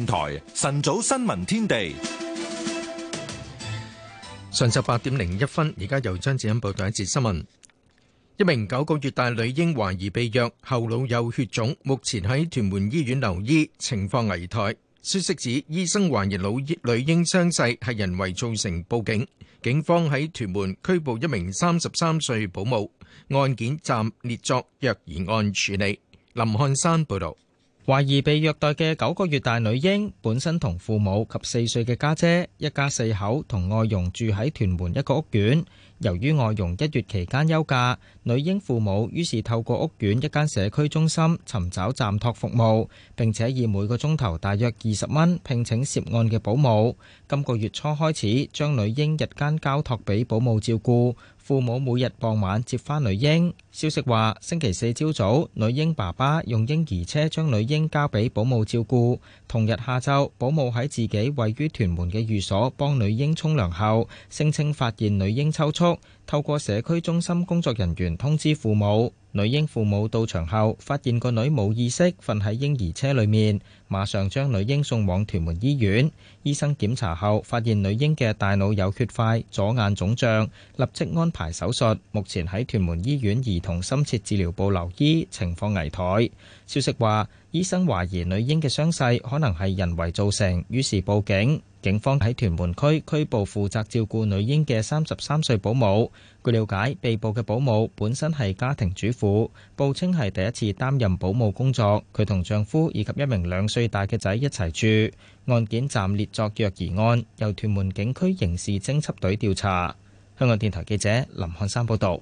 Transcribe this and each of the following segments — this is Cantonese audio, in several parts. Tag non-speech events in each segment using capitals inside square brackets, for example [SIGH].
電台晨早新聞天地，上晝八點零一分，而家由張子欣報道一節新聞。一名九個月大女嬰懷疑被虐，後腦有血腫，目前喺屯門醫院留醫，情況危殆。消息指醫生懷疑老女嬰傷勢係人為造成，報警。警方喺屯門拘捕一名三十三歲保姆，案件暫列作虐兒案處理。林漢山報道。懷疑被虐待嘅九個月大女嬰本身同父母及四歲嘅家姐，一家四口同外傭住喺屯門一個屋苑。由於外傭一月期間休假，女嬰父母於是透過屋苑一間社區中心尋找暫託服務，並且以每個鐘頭大約二十蚊聘請涉案嘅保姆。今個月初開始，將女嬰日間交託俾保姆照顧。父母每日傍晚接返女嬰。消息話，星期四朝早，女嬰爸爸用嬰兒車將女嬰交俾保姆照顧。同日下晝，保姆喺自己位於屯門嘅寓所幫女嬰沖涼後，聲稱發現女嬰抽搐，透過社區中心工作人員通知父母。女嬰父母到場後，發現個女冇意識，瞓喺嬰兒車裏面，馬上將女嬰送往屯門醫院。醫生檢查後，發現女嬰嘅大腦有血塊，左眼腫脹，立即安排手術。目前喺屯門醫院兒童深切治療部留醫，情況危殆。消息話，醫生懷疑女嬰嘅傷勢可能係人為造成，於是報警。警方喺屯門區拘捕負責照顧女嬰嘅三十三歲保姆。據了解，被捕嘅保姆本身係家庭主婦，報稱係第一次擔任保姆工作。佢同丈夫以及一名兩歲大嘅仔一齊住。案件暫列作虐兒案，由屯門警區刑事偵緝隊調查。香港電台記者林漢山報道。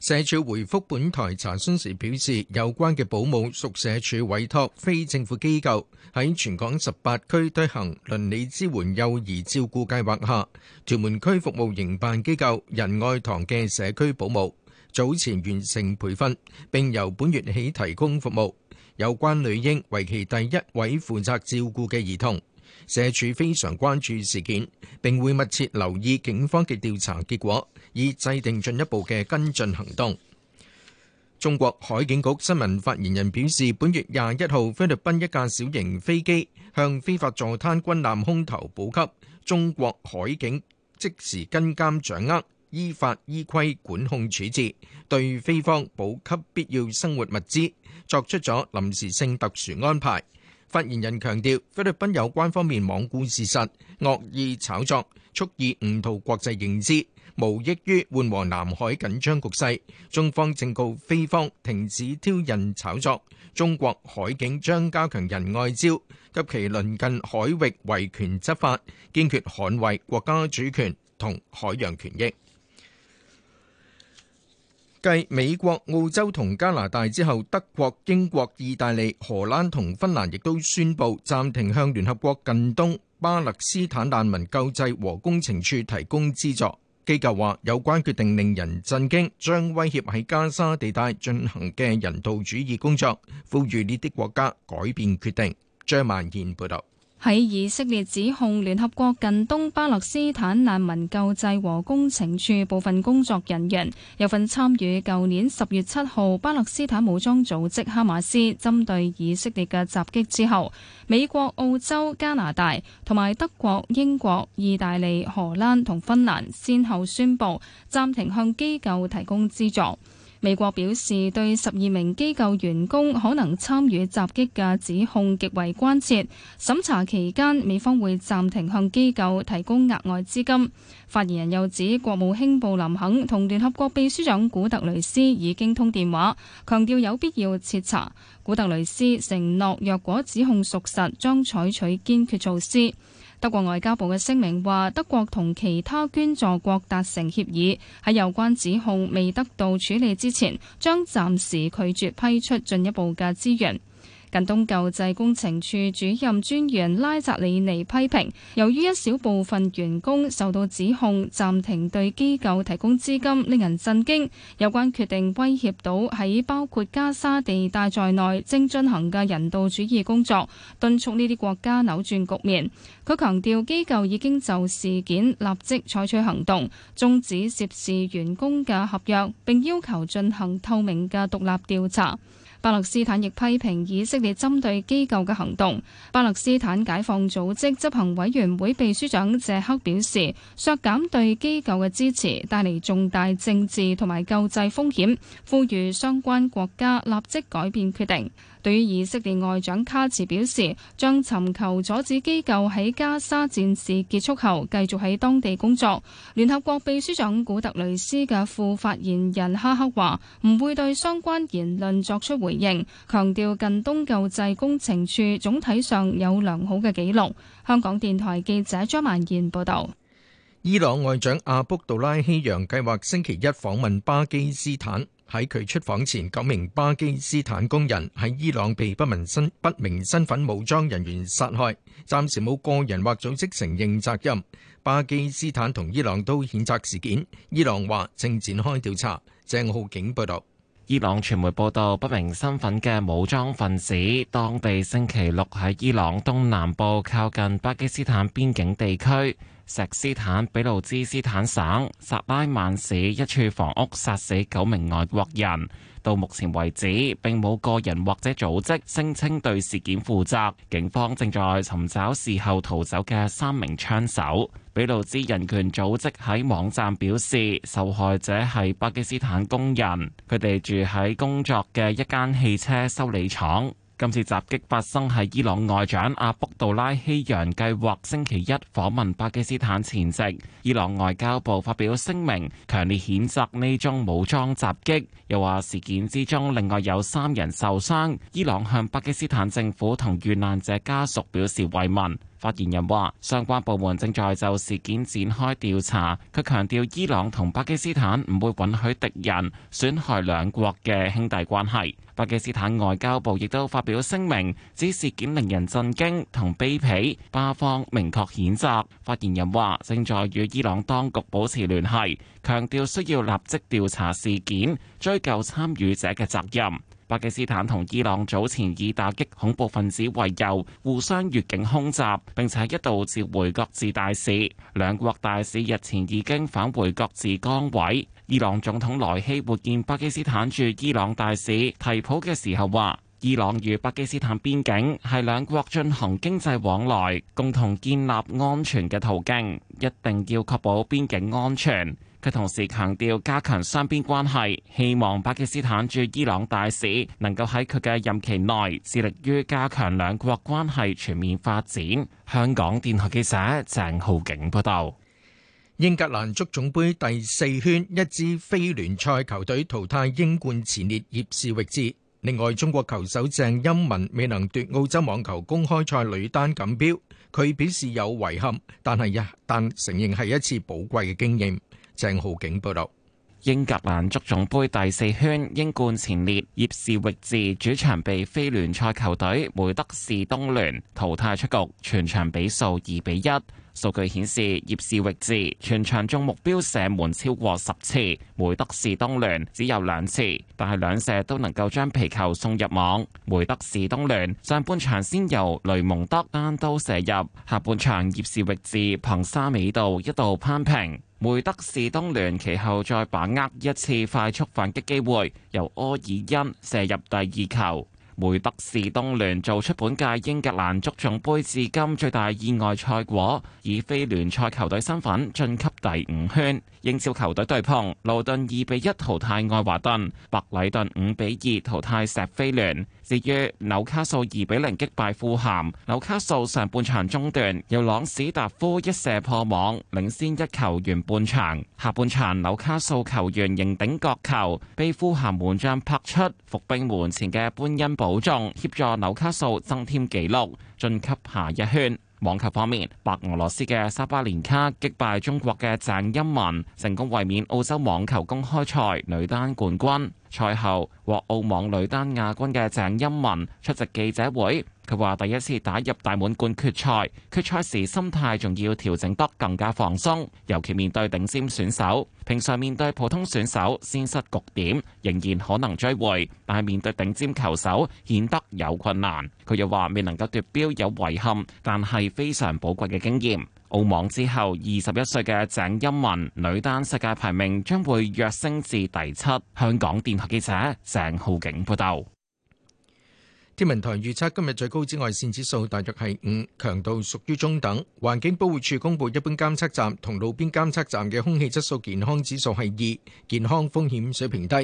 社署回覆本台查詢時表示，有關嘅保姆屬社署委託非政府機構喺全港十八區推行鄰里支援幼兒照顧計劃下，屯門區服務營辦機構仁愛堂嘅社區保姆早前完成培訓，並由本月起提供服務。有關女嬰為其第一位負責照顧嘅兒童。社署非常關注事件，並會密切留意警方嘅調查結果，以制定進一步嘅跟進行動。中國海警局新聞發言人表示，本月廿一號菲律賓一架小型飛機向非法坐灘軍艦空投補給，中國海警即時跟監掌握，依法依規管控處置，對菲方補給必要生活物資作出咗臨時性特殊安排。發言人強調，菲律賓有關方面罔顧事實、惡意炒作，蓄意誤導國際認知，無益於緩和南海緊張局勢。中方正告菲方停止挑釁炒作，中國海警將加強仁愛礁，及其鄰近海域維權執法，堅決捍衛國家主權同海洋權益。繼美國、澳洲同加拿大之後，德國、英國、意大利、荷蘭同芬蘭亦都宣布暫停向聯合國近東巴勒斯坦難民救濟和工程處提供資助。機構話，有關決定令人震驚，將威脅喺加沙地帶進行嘅人道主義工作。呼籲呢啲國家改變決定。張曼燕報道。喺以色列指控聯合國近東巴勒斯坦難民救濟和工程處部分工作人員有份參與舊年十月七號巴勒斯坦武裝組織哈馬斯針對以色列嘅襲擊之後，美國、澳洲、加拿大同埋德國、英國、意大利、荷蘭同芬蘭先後宣布暫停向機構提供資助。美國表示對十二名機構員工可能參與襲擊嘅指控極為關切，審查期間美方會暫停向機構提供額外資金。發言人又指，國務卿布林肯同聯合國秘書長古特雷斯已經通電話，強調有必要徹查。古特雷斯承諾，若果指控屬實，將採取堅決措施。德國外交部嘅聲明話，德國同其他捐助國達成協議，喺有關指控未得到處理之前，將暫時拒絕批出進一步嘅資源。近東救濟工程處主任專員拉扎里尼批評，由於一小部分員工受到指控，暫停對機構提供資金，令人震驚。有關決定威脅到喺包括加沙地帶在內正進行嘅人道主義工作，敦促呢啲國家扭轉局面。佢強調，機構已經就事件立即採取行動，終止涉事員工嘅合約，並要求進行透明嘅獨立調查。巴勒斯坦亦批評以色列針對機構嘅行動。巴勒斯坦解放組織執行委員會秘書長謝克表示，削減對機構嘅支持帶嚟重大政治同埋救濟風險，呼籲相關國家立即改變決定。對於以色列外長卡茨表示，將尋求阻止機構喺加沙戰事結束後繼續喺當地工作。聯合國秘書長古特雷斯嘅副發言人哈克話，唔會對相關言論作出回應，強調近東救濟工程處總體上有良好嘅記錄。香港電台記者張萬賢報道。伊朗外長阿卜杜拉希揚計劃星期一訪問巴基斯坦。喺佢出訪前，九名巴基斯坦工人喺伊朗被不明身不明身份武裝人員殺害，暫時冇個人或組織承認責任。巴基斯坦同伊朗都譴責事件，伊朗話正展開調查。鄭浩景報道。伊朗傳媒報道，不明身份嘅武裝分子當地星期六喺伊朗東南部靠近巴基斯坦邊境地區石斯坦比路茲斯坦省薩拉曼市一處房屋殺死九名外國人，到目前為止並冇個人或者組織聲稱對事件負責，警方正在尋找事後逃走嘅三名槍手。比路茲人權組織喺網站表示，受害者係巴基斯坦工人，佢哋住喺工作嘅一間汽車修理廠。今次襲擊發生喺伊朗外長阿卜杜拉希揚計劃星期一訪問巴基斯坦前夕，伊朗外交部發表聲明，強烈譴責呢宗武裝襲擊。又話事件之中，另外有三人受傷。伊朗向巴基斯坦政府同遇難者家屬表示慰問。發言人話，相關部門正在就事件展開調查。佢強調，伊朗同巴基斯坦唔會允許敵人損害兩國嘅兄弟關係。巴基斯坦外交部亦都發表聲明，指事件令人震驚同卑鄙。巴方明確譴責。發言人話，正在與伊朗當局保持聯繫。強調需要立即調查事件，追究參與者嘅責任。巴基斯坦同伊朗早前以打擊恐怖分子為由，互相越境空襲，並且一度召回各自大使。兩國大使日前已經返回各自崗位。伊朗總統萊希會見巴基斯坦駐伊朗大使提普嘅時候話，伊朗與巴基斯坦邊境係兩國進行經濟往來，共同建立安全嘅途徑，一定要確保邊境安全。佢同時強調加強雙邊關係，希望巴基斯坦駐伊朗大使能夠喺佢嘅任期內致力於加強兩國關係全面發展。香港電台記者鄭浩景報道。英格蘭足總杯第四圈一支非聯賽球隊淘汰英冠前列葉士域治。另外，中國球手鄭欽文未能奪澳洲網球公開賽女單錦標，佢表示有遺憾，但係呀但承認係一次寶貴嘅經驗。鄭浩景報道：英格蘭足總杯第四圈，英冠前列葉士域治主場被非聯賽球隊梅德士東聯淘汰出局，全場比數二比一。數據顯示，葉士域治全場中目標射門超過十次，梅德士東聯只有兩次，但係兩射都能夠將皮球送入網。梅德士東聯上半場先由雷蒙德單刀射入，下半場葉士域治憑沙美度一度攀平。梅德士東聯其後再把握一次快速反擊機會，由柯爾恩射入第二球。梅德士東聯做出本屆英格蘭足總杯至今最大意外賽果，以非聯賽球隊身份晉級第五圈。英超球隊對碰，盧頓2比1淘汰愛華頓，白禮頓5比2淘汰錫菲聯。至於紐卡素2比0擊敗富咸，紐卡素上半場中段由朗史達夫一射破網，領先一球完半場。下半場紐卡素球員迎頂角球，被富咸門將拍出，伏兵門前嘅班恩堡。保重，協助紐卡素增添紀錄，晉級下一圈。網球方面，白俄羅斯嘅沙巴連卡擊敗中國嘅鄭欽文，成功衛冕澳洲網球公開賽女單冠軍。賽後獲澳網女單亞軍嘅鄭欽文出席記者會。佢話：第一次打入大滿貫決賽，決賽時心態仲要調整得更加放鬆，尤其面對頂尖選手。平常面對普通選手先失局點，仍然可能追回，但係面對頂尖球手，顯得有困難。佢又話：未能夠奪標有遺憾，但係非常寶貴嘅經驗。澳網之後，二十一歲嘅鄭欽文女單世界排名將會躍升至第七。香港電台記者鄭浩景報道。天文台預測今日最高紫外線指數大約係五，強度屬於中等。環境保護署公布一般監測站同路邊監測站嘅空氣質素健康指數係二，健康風險水平低。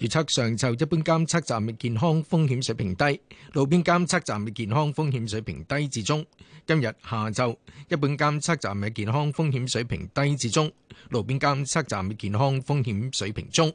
預測上晝一般監測站嘅健康風險水平低，路邊監測站嘅健康風險水平低至中。今日下晝一般監測站嘅健康風險水平低至中，路邊監測站嘅健康風險水平中。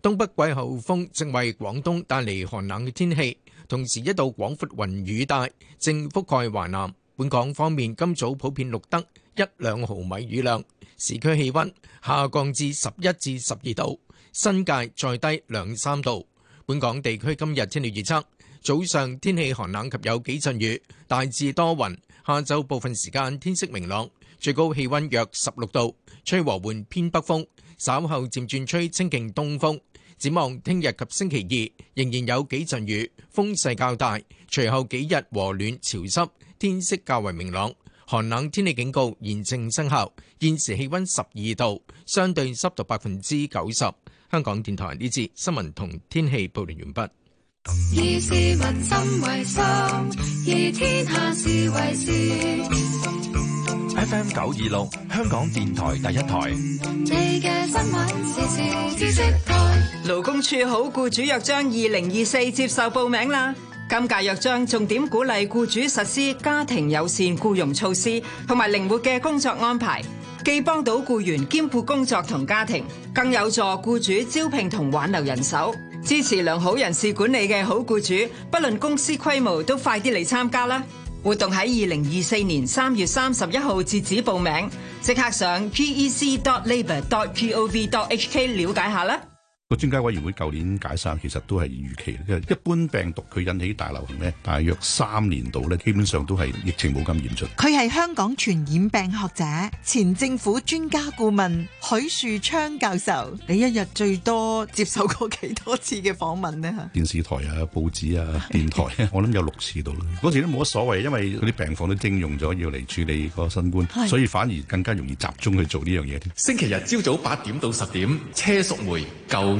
東北季候風正為廣東帶嚟寒冷嘅天氣。同時，一度廣闊雲雨帶正覆蓋華南。本港方面，今早普遍錄得一兩毫米雨量。市區氣温下降至十一至十二度，新界再低兩三度。本港地區今日天氣預測：早上天氣寒冷及有幾陣雨，大致多雲；下晝部分時間天色明朗，最高氣温約十六度，吹和緩偏北風，稍後漸轉吹清勁東風。展望聽日及星期二，仍然有幾陣雨，風勢較大。隨後幾日和暖潮濕，天色較為明朗。寒冷天氣警告現正生效。現時氣温十二度，相對濕度百分之九十。香港電台呢次新聞同天氣報道完畢。以市民心為心，以天下事為事。FM 九二六香港電台第一台。勞工處好僱主約章二零二四接受報名啦。今屆約章重點鼓勵僱主實施家庭友善僱傭措施同埋靈活嘅工作安排，既幫到僱員兼顧工作同家庭，更有助僱主招聘同挽留人手。支持良好人事管理嘅好僱主，不論公司規模，都快啲嚟參加啦！活動喺二零二四年三月三十一號截止報名，即刻上 gec.labour.gov.hk 了解下啦！個專家委員會舊年解散，其實都係預期。因為一般病毒佢引起大流行咧，大約三年度咧，基本上都係疫情冇咁嚴重。佢係香港傳染病學者、前政府專家顧問許樹昌教授。你一日最多接受過幾多次嘅訪問呢？吓？電視台啊、報紙啊、電台 [LAUGHS] 我諗有六次到啦。嗰時都冇乜所謂，因為嗰啲病房都徵用咗，要嚟處理個新冠，的所以反而更加容易集中去做呢樣嘢。星期日朝早八點到十點，車淑梅舊。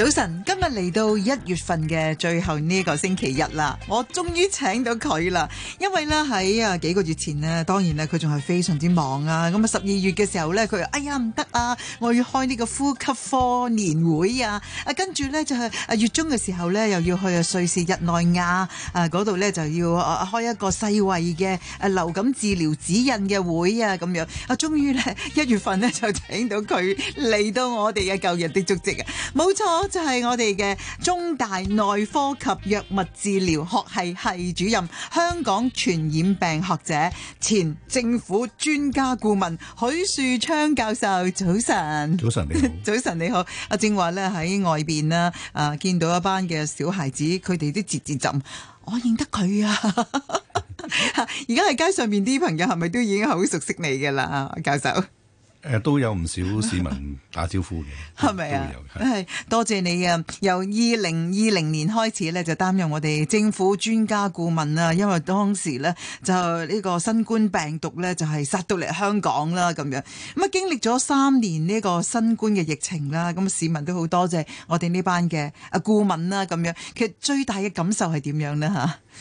早晨，今日嚟到一月份嘅最後呢個星期日啦，我終於請到佢啦。因為咧喺啊幾個月前呢，當然咧佢仲係非常之忙啊。咁啊十二月嘅時候咧，佢話哎呀唔得啊，我要開呢個呼吸科年會啊。啊跟住咧就係啊月中嘅時候咧，又要去啊瑞士日內亞啊嗰度咧就要開一個世衛嘅啊流感治療指引嘅會啊咁樣。啊終於咧一月份咧就請到佢嚟到我哋嘅舊日的足跡啊，冇錯。就係我哋嘅中大內科及藥物治療學系系主任、香港傳染病學者、前政府專家顧問許樹昌教授，早晨，早晨你好， [LAUGHS] 早晨你好。阿正話咧喺外邊啦，啊見到一班嘅小孩子，佢哋啲字字浸，我認得佢啊。而家喺街上面啲朋友係咪都已經好熟悉你噶啦，教授？誒都有唔少市民打招呼嘅，係咪、 [LAUGHS] 嗯、啊？係多謝你啊！由二零二零年開始咧，就擔任我哋政府專家顧問啦、啊。因為當時咧就呢個新冠病毒咧就係、係、殺到嚟香港啦咁樣。咁啊經歷咗三年呢個新冠嘅疫情啦，咁市民都好多謝我哋呢班嘅啊顧問啦咁樣。其實最大嘅感受係點樣呢？嚇？